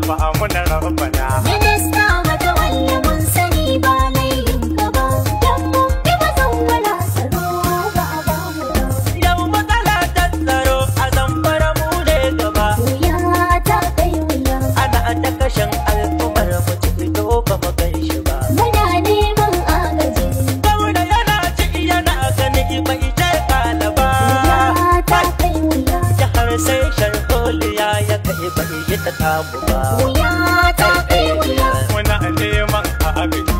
ba muna rabbana minista samu ba. Wuya ta wuya. Muna neman a abin.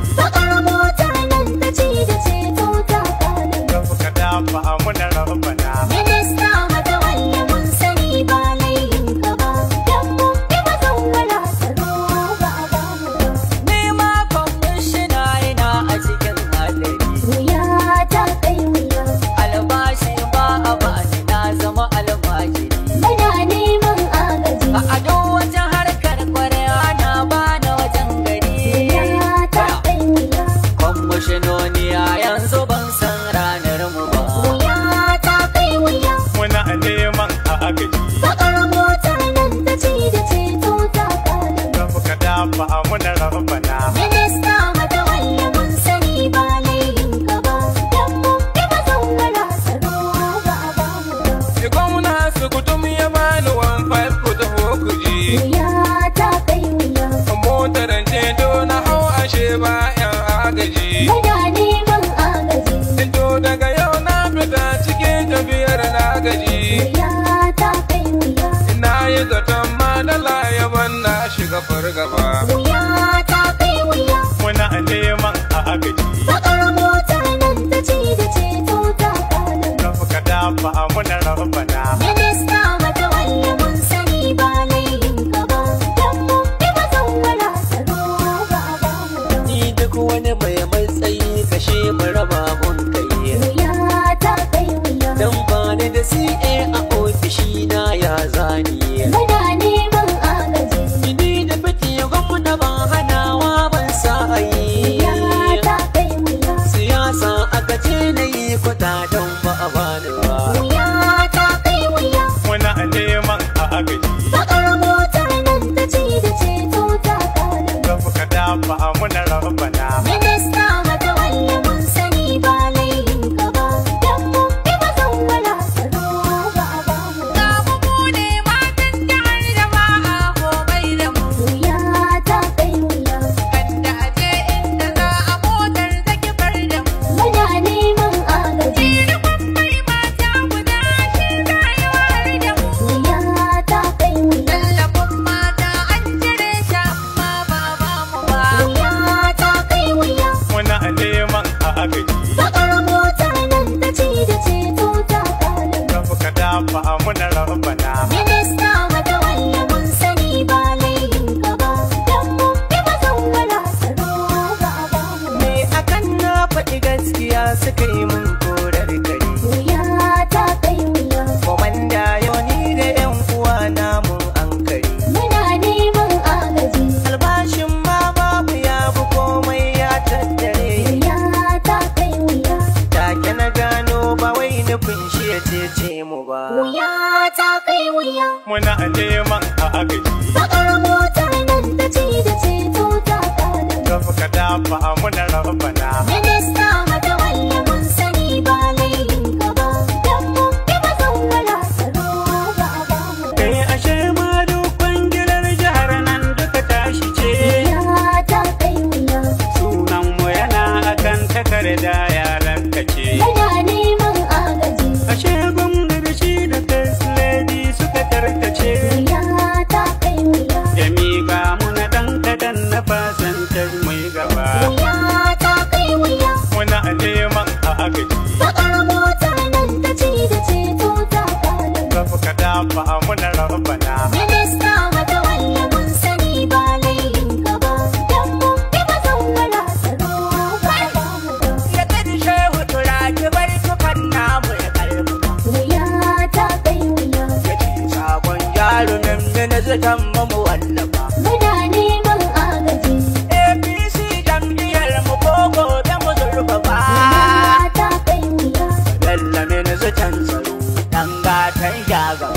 zaton madala ya banna shiga fargaba. suka yi mun korar gari wuya ta kai wuya komanda yau ni da yan uwa na mun an kari muna neman agaji albashin ma babu ya bu komai ya tattare wuya ta kai wuya take na gano ba wai nufin shi ya cece mu ba wuya ta kai wuya muna neman agaji bakar motar nan ta ce da ceto ta kanan ka fuka dafa muna raba em